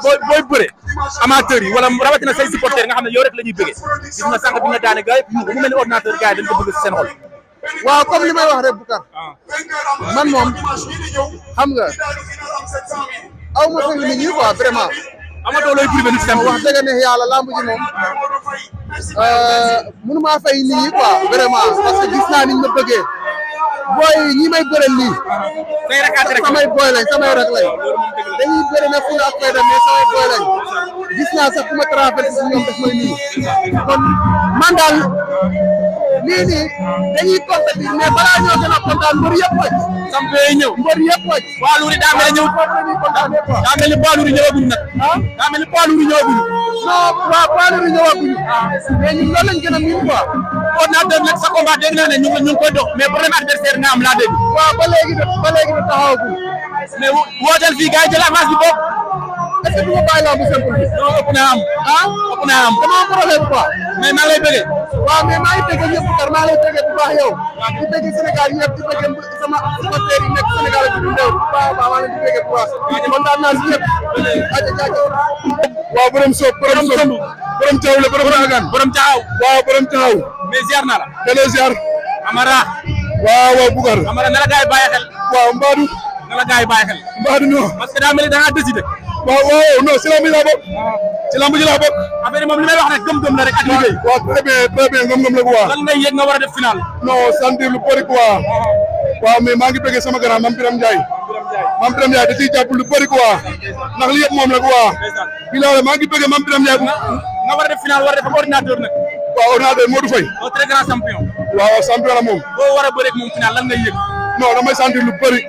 booy booy bëre amateur yi wala rawatina say supporter nga xam ne yow rek la ñuy bëggee gis nga sànq bi daane gars yi mu mel ni ordinateur gars bëgg si seen xol. waaw comme li may wax bu Boucar man moom xam nga aw ma fekk nit ñi quoi vraiment. amatoo looy privé nit simple wax dëgg ne yàlla lamb ji moom euh, mënu maa fay nit ñi quoi vraiment parce que gis naa ma bëggee. booy ñi may bëre lii. samay booy lañ samay rek lañ dañuy bëre ne fu ñu ak samay booy lañ gis naa sax fu ma traversé ñoom daf may nii kon man daal lii nii dañuy compétir mais balaa ñoo gën a kontaan mbër yëpp ñëw mbër yëpp wàcc. ñëw daa mel ni poids Louré ñëwaguñ nag. Ah? daa ordinateur nag sa combat dégg naa ne ñu ngi ñu ngi koy dox mais problème adversaire am laa dégg. waaw ba léegi de ba léegi de taxawagul. mais wooteel fii gars yi jël est ce que du ma bàyyi làmb simple bi. non ëpp naa am. ah ëpp naa am dama am problème quoi. mais maa lay bëggee. waaw mais maa ngi bëggee ñëpp kar maa lay bëggee bu baax yow. waaw di bëggee Sénégal ñëpp di bëggee sama supporters yi nekk Sénégal ak du réew. waaw waaw maa leen di bëggee bu baax. kontaan naa si ñëpp. waaw borom soob borom soob borom caaw la borom agan borom caaw. waaw borom caaw. mais ziar naa la. da lay ziar. Amara. waaw waaw Bougar. Amara na la gaay bàyyi xel. waaw Mbadou. nga la gars yi bàyyi xel. mbaa du ñu parce daa mel ni da ngaa décidé. waaw waaw non si lamb laa bokk. si ah. lamb laa bokk. affaire yi moom li may wax rek gëm-gëm la rek ak liggéey. waaw très bien très la quoi. lan ngay yëg nga war a def final. non sentir lu bëri quoi. Ah, ah. waaw mais maa ngi bëggee sama grand Mame Birame Ndiaye. Mame Birame Ndiaye da ciy lu bëri quoi. ndax li yëpp moom la quoi. bilaay maa ngi bëggee Mame Birame Ndiaye. nga war a a la moom. boo war a moom final lan ngay yëg.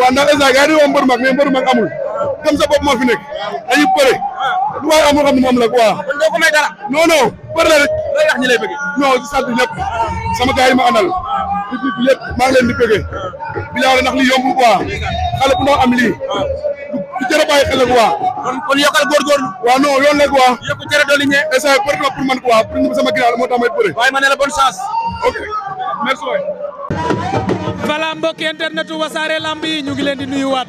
waaw ndax instant gars yi dañoo mbër mag mais mbër mag amul comme sa bopp moo fi nekk dañuy bëre lu waaye amul xam ne la waaw. kon doo ko rek. ñi lay bëgg. non di sant ñëpp sama gars yi ma àndal fii fii lépp maa ngi leen di bëggee bi laaw la ndax lii yombul quoi xale bu noo am lii du jërë bàyyi xel kon kon yokkal góorgóorlu. waaw non loolu la quoi. yokku cere dolli ñe. essai pour la pour man quoi pour sama ginnaaw moo tax may la bonne chance. ok internetu wasaare lamb yi ñu ngi leen di nuyuwaat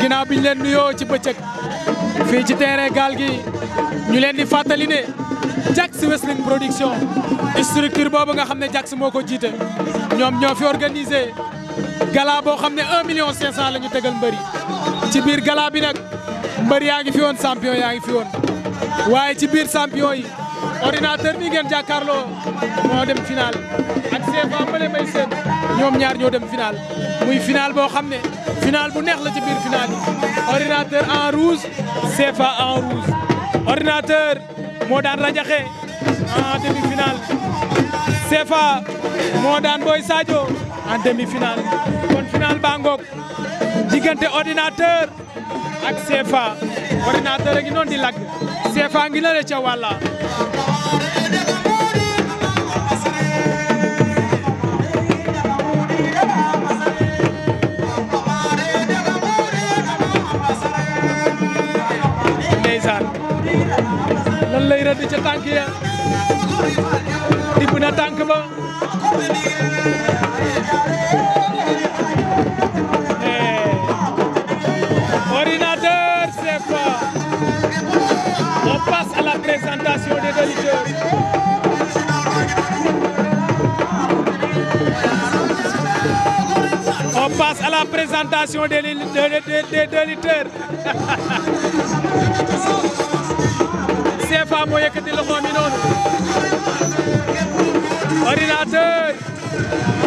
ginnaaw bi ñu leen nuyoo ci bëccëg fii ci terrain gaal gi ñu leen di fàttali ne Jax Wrestling production structure boobu nga xam ne Jax moo ko jiite ñoom ñoo fi organisé gala boo xam ne 1 million la ñu tegal mbëri ci biir gala bi nag. mbër yaa ngi fi woon champion yaa ngi fi woon waaye ci biir champion yi ordinateur mi ngeen jàkkaarloo moo dem final ak CFA mbële may ñoom ñaar ñoo dem final muy final boo xam ne final bu neex la ci biir final yi ordinateur en rouge CFA en rouge ordinateur moo daan rajaxe en demi final CFA moo daan Boy Sadio en demi baa ngoog diggante ordinateur ak CFA ordinateur a ngi di lag CFA ngi na ca wàlla ndeysaan lan lay ca tànk ya dibb na tànk ba association des religieux On passe à la présentation moo yëkkati loxoom yi noonu. Ordinateur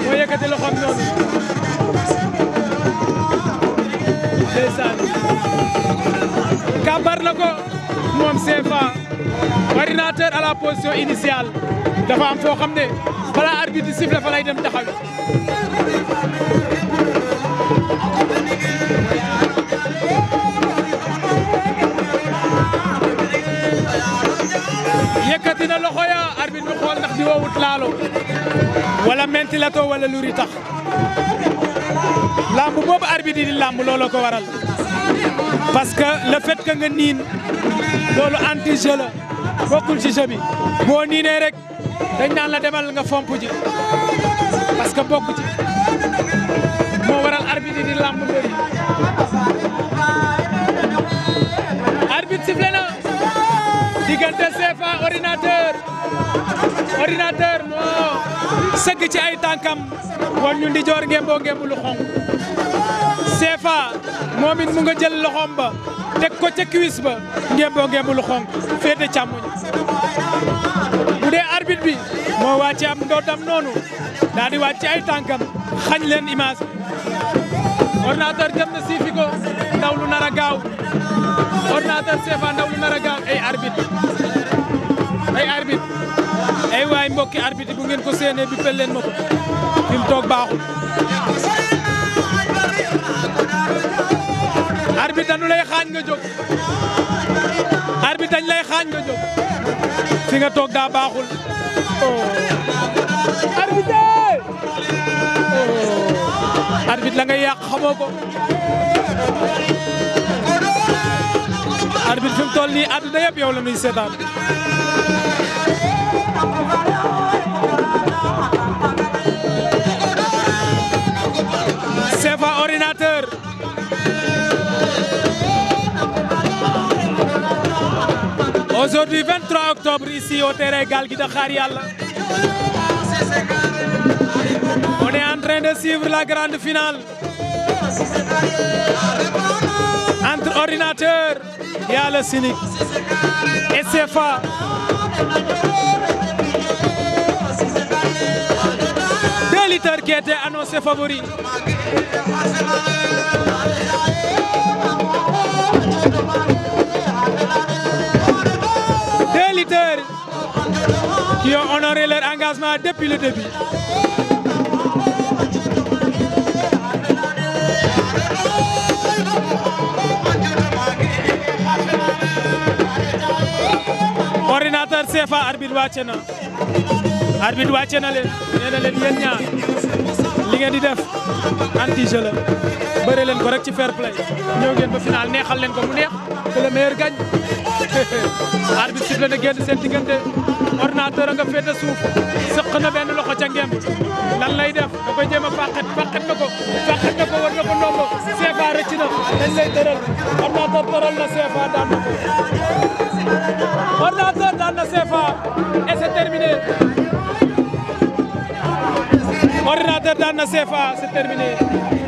moo yëkkati loxoom noonu. Ndeysaan. Kàmbar na ko moom CFA. ordinateur à la position initiale dafa am foo xam ne balaa arbitre di siffle fa lay dem taxaw yëkkati loxo ya arbitre bi xool ndax di woowut laalo wala menti la too wala luri boobu arbitre di lamb looloo ko waral parce que le nga niin loolu anti jeu bokkul ci jeu bi boo niinee rek dañ naan la demal nga fomp parce que bokk ci moo waral arbitre di làmb mbër yi arbitre sifflé na diggante CFA ordinateur ordinateur moo sëgg ci ay tànkam wan ñu ndijoor ngemboo ngembu lu xonq CFA moom mu nga jël loxoom teg ko ca cuisse ba ngemboo ngembu lu xonk féete bu dee arbitre bi moo wàcce am ndoddam noonu daal di wàcce ay tànkam xañ leen image ordinateur jëm na siifi ko lu nar a gaaw ordinateur seefa ndaw nar a gaaw ay arbitre ay arbitre ay waay mbokki arbitre bu ngeen ko séenee bi pel leen ma ko fi mu toog baaxul danu lay xaañ nga jóg arbitre dañ lay xaañ nga jóg fi nga toog daa baaxul oh. arbitre oh. arbitre la ngay yàq xamoo ko arbitre fi mu toll nii àdduna yëpp yow la nuy seetaan aujourd'hui 23 octobre ici au terrain Gaal Gui on est en de suivre la grande finale entre Ordinateur Yalla Sinik et CFA deux lutteurs qui étaient annoncés favoris qui ont honoré leur engagement depuis le début. ordinateur CFA arbitre wàcce na arbitre wàcce na leen nee leen yéen ñaar li ngeen di def anti-jeu la bëre leen ko rek ci fair play ñëw ngeen ba final neexal leen ko mu neex que le meilleur gagne arbitre sifflé na génn seen diggante ordinateur a nga suuf sëq na benn loxo ca lan lay def da koy jéem a fàqet fàqet na ko fàqet na ko war na ko ndombo CFA rëcc na dañ lay tëral ordinateur tëral na CFA daan na ko ordinateur daan na CFA et c'est ordinateur daan na CFA c'est terminé